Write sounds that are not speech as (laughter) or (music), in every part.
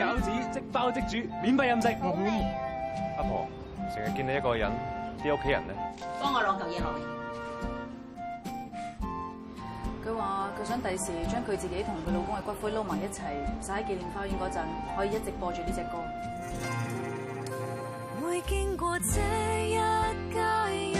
餃子即包即煮，免費飲食。阿婆，成日見你一個人，啲屋企人咧？幫我攞嚿嘢落嚟。佢話佢想第時將佢自己同佢老公嘅骨灰撈埋一齊，就喺紀念花園嗰陣，可以一直播住呢隻歌。會經過這一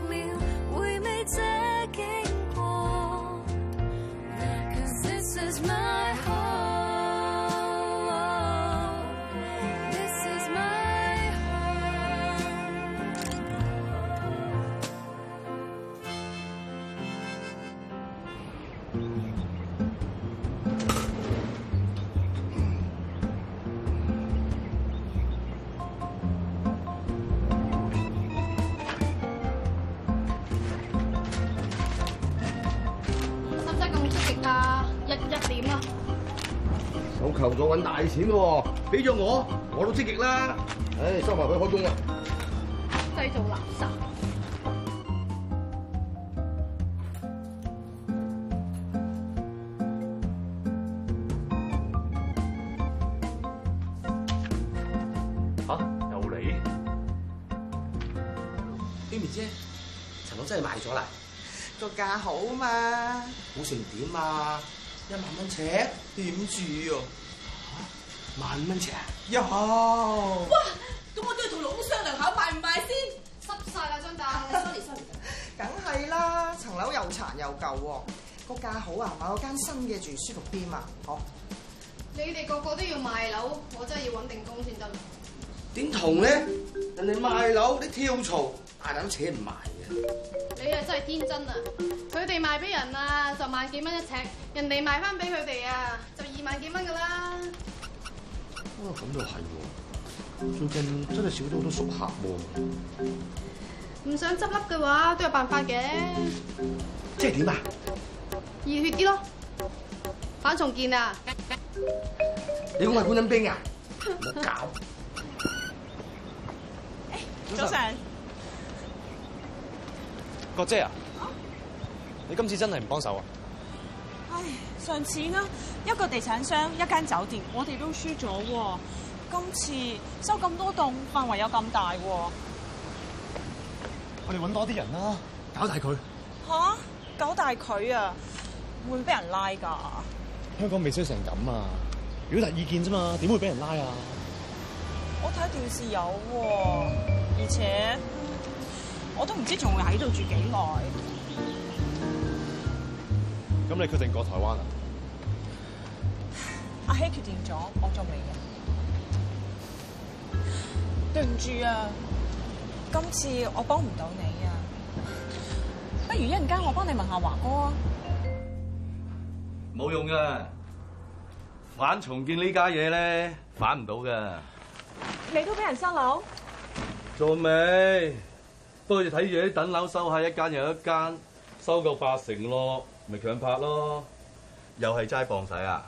又揾大錢喎！俾咗我，我都積極啦。唉，收埋佢開工啦。製造垃圾嚇有嚟，Amy 姐，陳老真係賣咗啦，個價好嘛？好成點啊？一萬蚊尺，點住哦？萬蚊尺啊！喲，哇，咁我都要同老公商量下賣唔賣先？濕晒啦張大，sorry sorry，梗係啦，層樓又殘又舊，個價好啊，買個間新嘅住舒服啲嘛。好，你哋個個都要賣樓，我真係要揾定工先得。點同咧？人哋賣樓，你跳槽大膽扯唔埋嘅？你啊真係天真啊！佢哋賣俾人啊，就萬幾蚊一尺，人哋賣翻俾佢哋啊，就二萬幾蚊噶啦。咁就係喎，最近真係少咗好多熟客喎、啊。唔想執笠嘅話，都有辦法嘅、嗯嗯。即係點啊？熱血啲咯，反重建啊！你咁係觀音兵啊？冇搞！早晨，國姐啊，啊，你今次真係唔幫手啊！唉上次呢一個地產商一間酒店，我哋都輸咗喎。今次收咁多棟，範圍有咁大喎、啊。我哋揾多啲人啦，搞大佢。吓、啊？搞大佢啊？會唔會俾人拉㗎？香港未衰成咁啊，表達意見咋嘛？點會俾人拉啊？我睇電視有喎、啊，而且我都唔知仲會喺度住幾耐。咁你決定過台灣啊？阿希決定咗，我仲未嘅。對唔住啊，今次我幫唔到你啊。不如一陣間我幫你問下華哥啊。冇用噶，反重建呢家嘢咧，反唔到噶。你都俾人收樓？仲未，不過要睇住啲等樓收下一間又一間，收夠八成咯。咪強拍咯，又係齋磅使啊！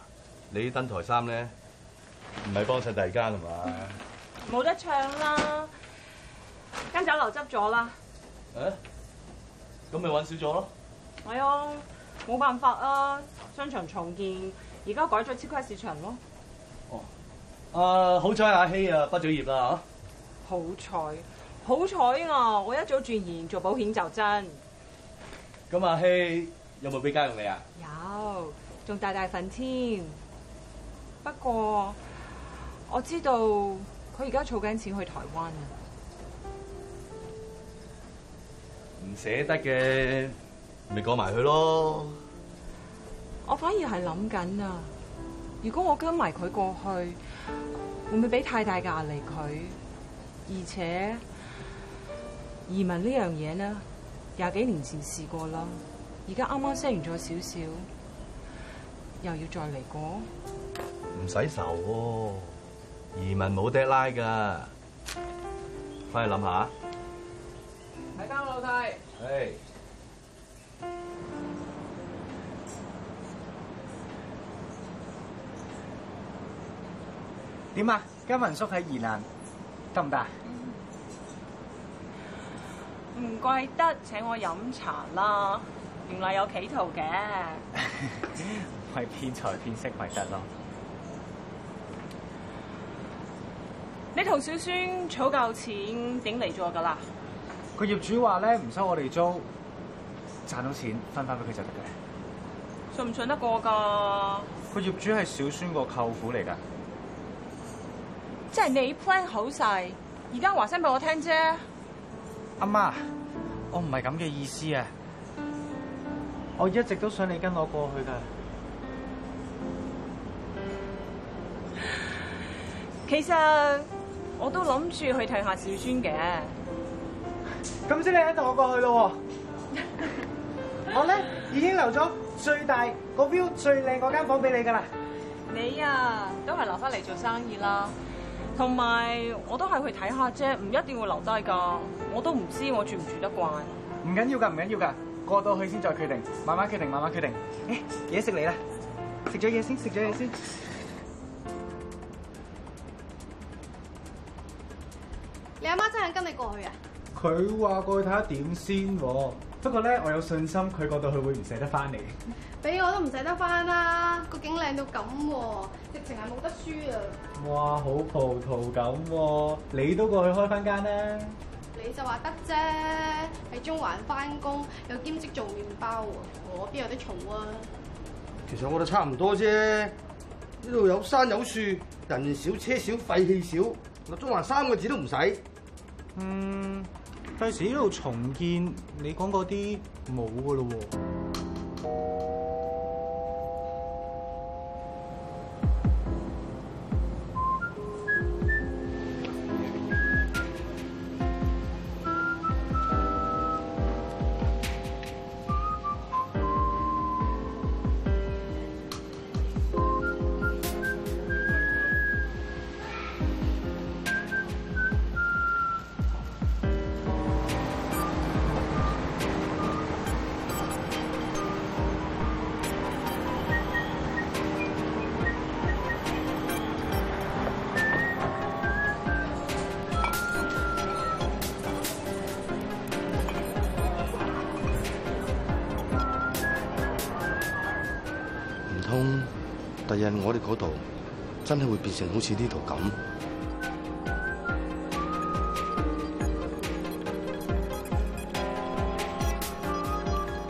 你登台衫咧，唔係幫襯第二間係嘛？冇得唱啦，間酒樓執咗啦。誒，咁咪搵少咗咯？係、哎、啊，冇辦法啊！商場重建，而家改咗超級市場咯。哦，啊好彩阿希啊，畢咗業啦嚇！好彩，好彩啊！我一早轉型做保險就真。咁阿希？有冇俾家用你啊？有，仲大大份添。不過我知道佢而家儲緊錢去台灣啊，唔捨得嘅咪講埋佢咯。我反而係諗緊啊，如果我跟埋佢過去，會唔會俾太大嘅壓力佢？而且移民呢樣嘢呢，廿幾年前試過啦。而家啱啱升完咗少少，又要再嚟過，唔使愁喎。移民冇爹拉㗎，返去諗下。看大家老梯。係。點啊？跟民宿喺宜蘭，嗯、得唔得？唔怪得，請我飲茶啦。原來有企圖嘅 (laughs) 咪騙財騙色咪得咯。你同小孫儲夠錢頂嚟咗噶啦？個業主話咧，唔收我哋租，賺到錢分翻俾佢就得嘅，信唔信得過噶？個業主係小孫個舅父嚟噶，即係你 plan 好晒，而家話聲俾我聽啫。阿媽，我唔係咁嘅意思啊！我一直都想你跟我過去噶，其實我都諗住去睇下小孫嘅。咁先你喺度我過去咯。我咧已經留咗最大個標最靚嗰間房俾你噶啦。你啊都係留翻嚟做生意啦，同埋我都係去睇下啫，唔一定會留低噶。我都唔知我住唔住得慣。唔緊要噶，唔緊要噶。過到去先再決定，慢慢決定，慢慢決定。哎、欸，嘢食嚟啦，食咗嘢先，食咗嘢先。你阿媽，媽真係跟你過去啊？佢話過去睇下點先，不過咧，我有信心佢過到去會唔捨得翻嚟。俾我都唔捨得翻啦，個景靚到咁喎，直情係冇得輸啊！哇，好葡萄咁喎，你都過去開翻間啦！你就話得啫，喺中環翻工又兼職做麵包喎，我邊有啲嘈啊！其實我都差唔多啫，呢度有山有樹，人少車少廢氣少，我中環三個字都唔使。嗯，費事呢度重建，你講嗰啲冇噶咯喎。沒喺我哋嗰度，真係會變成好似呢度咁。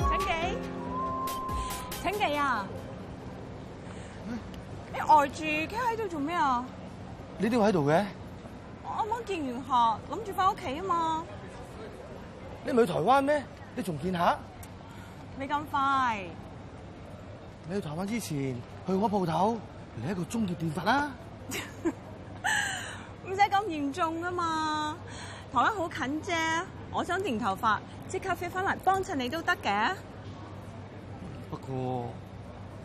陳記，陳記啊你！你呆住，企喺度做咩啊？你點喺度嘅？我啱啱見完學，諗住翻屋企啊嘛。你唔去台灣咩？你仲見下？未咁快。你去台灣之前，去我鋪頭嚟，一個鐘嘅電髮啦，唔使咁嚴重啊嘛，台灣好近啫，我想電頭髮即刻飛翻嚟，幫襯你都得嘅。不過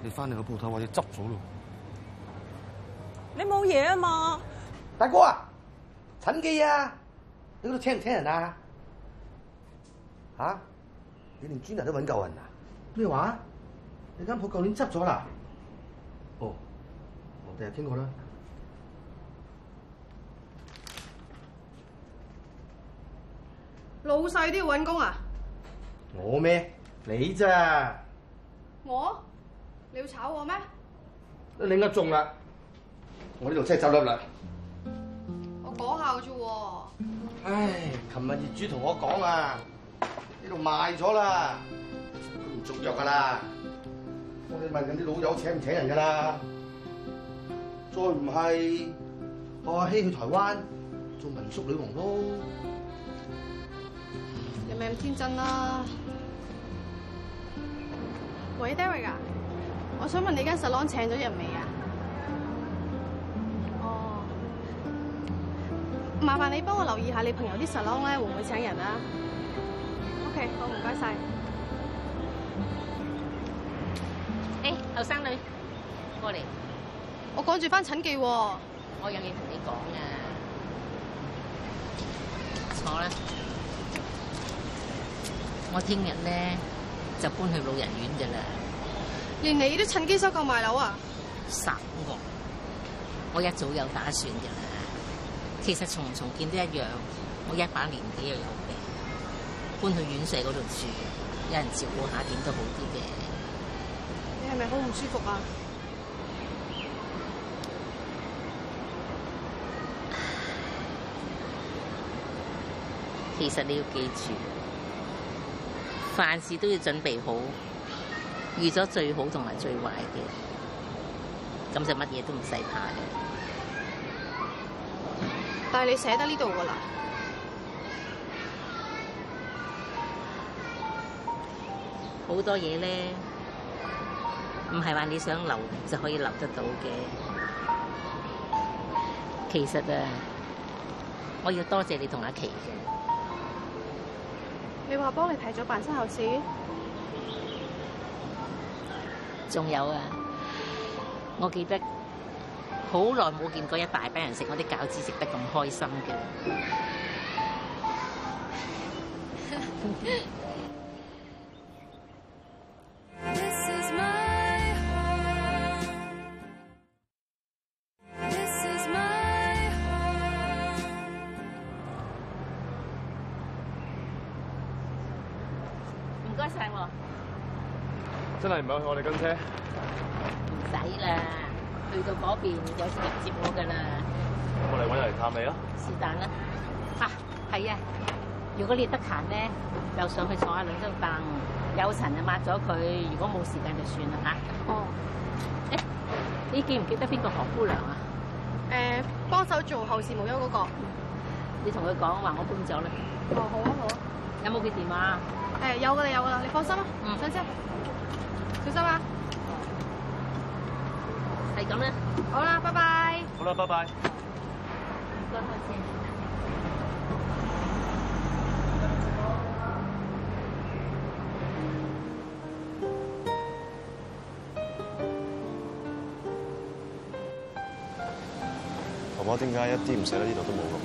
你翻嚟個鋪頭話要執咗咯，你冇嘢啊嘛？大哥啊，陳記啊，你嗰度請唔請人啊？吓、啊，你連專人都揾夠人啊？咩話？你間鋪舊年執咗啦？第日傾過啦，老細都要揾工啊！我咩？你咋？我？你要炒我咩？你啱中啦！我呢度真係執笠啦！我講下啫喎。唉，琴日業主同我講啊，呢度賣咗啦，都唔續約㗎喇。我哋問緊啲老友請唔請人㗎喇。再唔係，我阿曦去台灣做民宿女王咯。有咪咁天真啦，啊？喂，David 啊，我想問你間 salon 請咗人未啊？哦，麻煩你幫我留意下你朋友啲 salon 咧，會唔會請人啊？OK，好唔該晒。誒，後生女，過嚟。我趕住翻陳記，哦，我有嘢同你講呀，啊。坐啦，我聽日咧就搬去老人院㗎啦。連你都趁機收購賣樓啊？省惡，我一早有打算㗎啦。其實重唔重建都一樣，我一把年紀又有病，搬去院舍嗰度住，有人照顧下點都好啲嘅。你係咪好唔舒服啊？其實你要記住，凡事都要準備好，預咗最好同埋最壞嘅，咁就乜嘢都唔使怕嘅。但係你寫得呢度㗎啦，好多嘢咧，唔係話你想留就可以留得到嘅。其實啊，我要多謝你同阿琪。你話幫你提早辦身後事？仲有啊！我記得好耐冇見過一大班人食我啲餃子食得咁開心嘅。 (laughs) 唔好去，我哋跟車。唔使啦，去到嗰邊有車接我㗎啦。過嚟揾人嚟探你囉！是但啦，嚇，係啊。如果你得閒咧，又上去坐下兩張凳。有塵就抹咗佢，如果冇時間就算啦嚇。哦。誒、欸，你記唔記得邊個何姑娘啊？誒、呃，幫手做後事無憂嗰個。你同佢講話，我搬走啦。哦，好啊，好啊。有冇佢電話？誒、欸，有㗎啦，有㗎啦，你放心啦、嗯，上車。小心啊！係咁啦，好啦，拜拜。好啦，拜拜。開下先。婆婆點解一啲唔捨得？呢度都冇咁。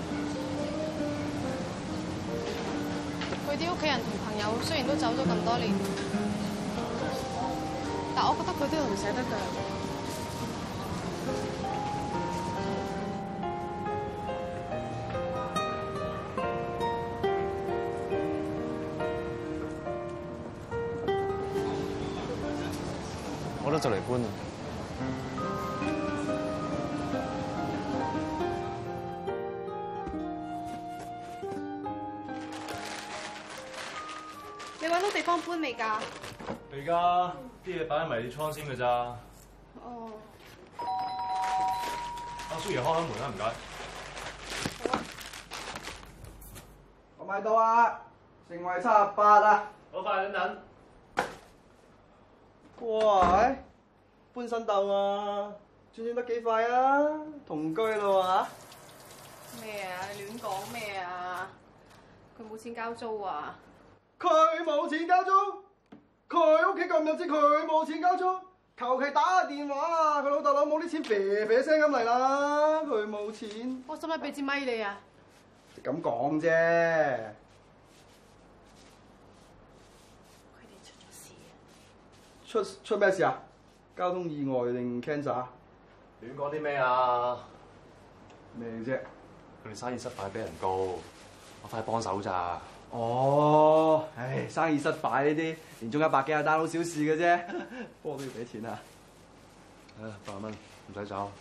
佢啲屋企人同朋友雖然都走咗咁多年。但我覺得佢都又唔捨得㗎，我都就嚟搬。你揾到地方搬未㗎？現在東西放在而家啲嘢擺喺迷你倉先嘅咋？哦，阿、哦、叔爺開開門啦、啊，唔該。我買到啊，成為七十八啊！好快等等。哇，搬新竇啊！轉轉得幾快啊？同居咯喎咩啊？你亂講咩啊？佢冇、啊、錢交租啊！佢冇錢交租。佢屋企咁有錢，佢冇錢交租，求其打個電話啊！佢老豆老母啲錢，喋喋聲咁嚟啦，佢冇錢。我使唔使俾支咪你啊？就咁講啫。佢哋出咗事啊！出出咩事啊？交通意外定 cancer？亂講啲咩啊？咩啫？佢哋生意失敗，俾人告，我快去幫手咋。哦，唉，生意失敗呢啲，連中一百幾廿單好小事嘅啫，不過都要俾錢啊！唉，百蚊唔使走。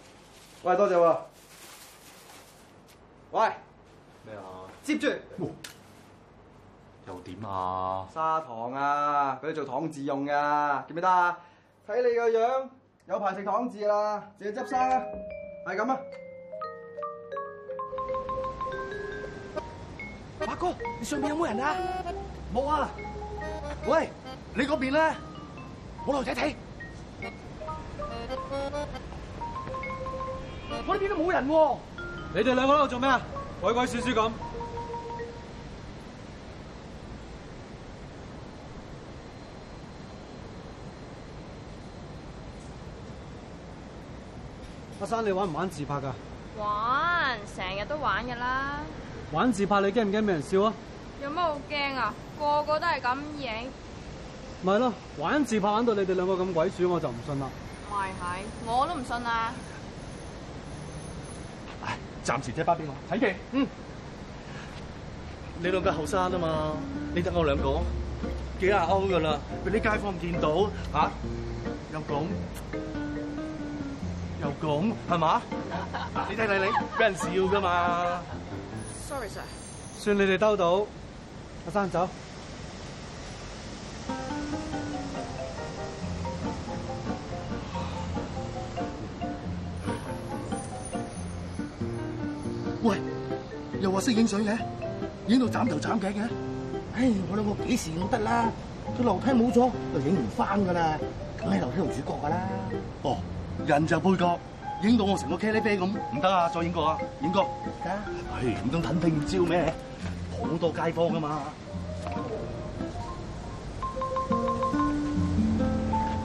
喂，多謝喎。喂，咩啊？接住。又點啊？砂糖啊，俾你做糖字用㗎，得唔得啊？睇你個樣，有排食糖字啦，自己執生啦，係咁啊！阿哥，你上邊有冇人啊？冇啊！喂，你嗰邊咧？我落去睇睇。我呢邊都冇人喎。你哋兩個喺度做咩啊？鬼鬼祟祟咁。阿生，你玩唔玩自拍噶？玩，成日都玩噶啦。玩自拍你驚唔驚俾人笑啊？有乜好驚啊？個個都係咁影。咪咯，玩自拍玩到你哋兩個咁鬼鼠，我就唔信啦。咪係，我都唔信啦。唉，暫時借翻俾我睇嘅。嗯，你兩個後生啊嘛，你得我兩個幾廿歐噶啦，俾啲街坊見到啊，又咁又咁係 (laughs) 嘛？你睇睇你俾人笑噶嘛？Sorry, Sir，算你哋兜到，阿生走。喂，又話識影相嘅，影到斬頭斬頸嘅。唉、哎，我兩個幾時都得啦。個樓梯冇咗，就影唔翻噶啦。梗喺樓梯做主角噶啦。哦，人就配角。影到我成個茄喱啡咁，唔得啊！再影過啊，影過。得。係、嗯，唔通肯定唔招咩？好多街坊噶嘛。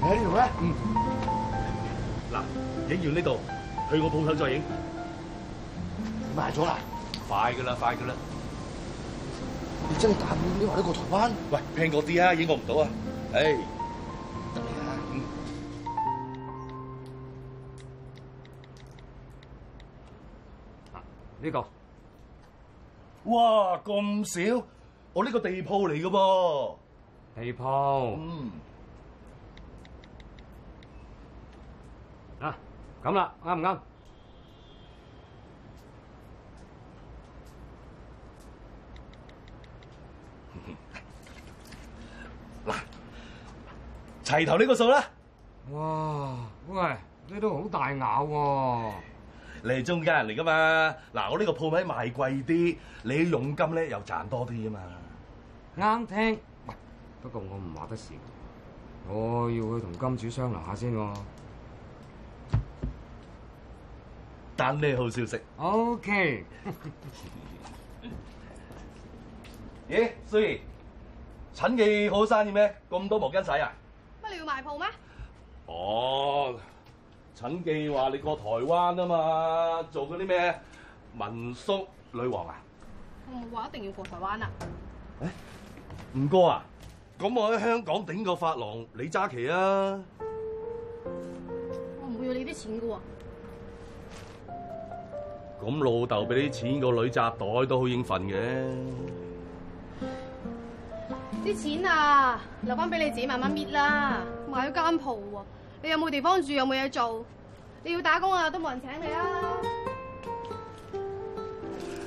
你喺呢度咧？嗯。嗱，影完呢度，去我鋪頭再影。賣咗啦。快噶啦，快噶啦。你真係打唔到過台灣？喂，平啲啊，影過唔到啊。哎。呢、這個，哇咁少，我呢個地鋪嚟嘅噃，地鋪，嗯，啊，咁啦，啱唔啱？嗱，齊頭這個數呢個數啦，哇，喂，呢都好大咬喎，啊。你係中間人嚟噶嘛。嗱，我呢個鋪位賣貴啲，你佣金咧又賺多啲啊嘛。啱聽。不過我唔話得事，我要去同金主商量下先。等你好消息。OK、 (laughs) 欸。咦，Zoe，陳記好生意咩？咁多毛巾洗啊？乜你要賣鋪咩？哦。陳記話你過台灣啊嘛，做嗰啲咩民宿女王啊？我冇話一定要過台灣啊！唔、欸、哥啊，咁我喺香港頂個髮廊你揸旗啊！我唔會要你啲錢噶喎、啊。咁老豆俾啲錢個女扎袋都好應份嘅。啲錢啊，留翻俾你自己慢慢搣啦，買咗間鋪喎。你有冇地方住？有冇嘢做？你要打工啊，都冇人請你啊！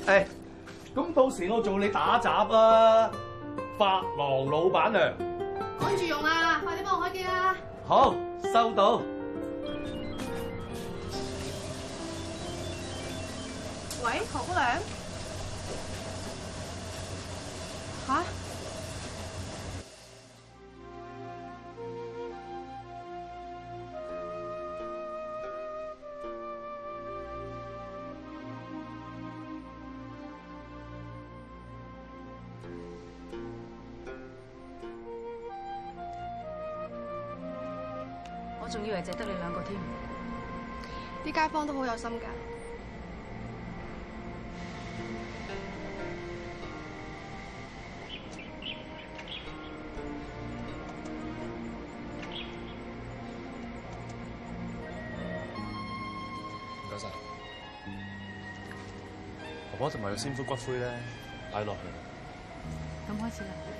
哎，咁到時我做你打雜啊，髮廊老闆娘。趕住用啊，快啲幫我開機啦、啊！好，收到。喂，婆娘！吓、啊！就得你兩個添，啲街坊都好有心噶。唔該曬，婆婆，同埋要先揾骨灰咧，擺落去。咁開始啦。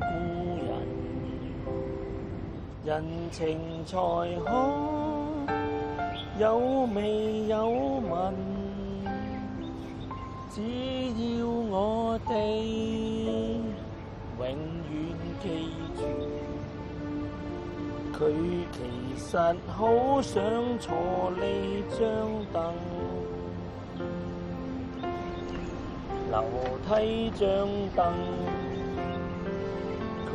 故人，人情才可有味有文。只要我哋永遠記住，佢其實好想坐呢張凳，樓梯張凳。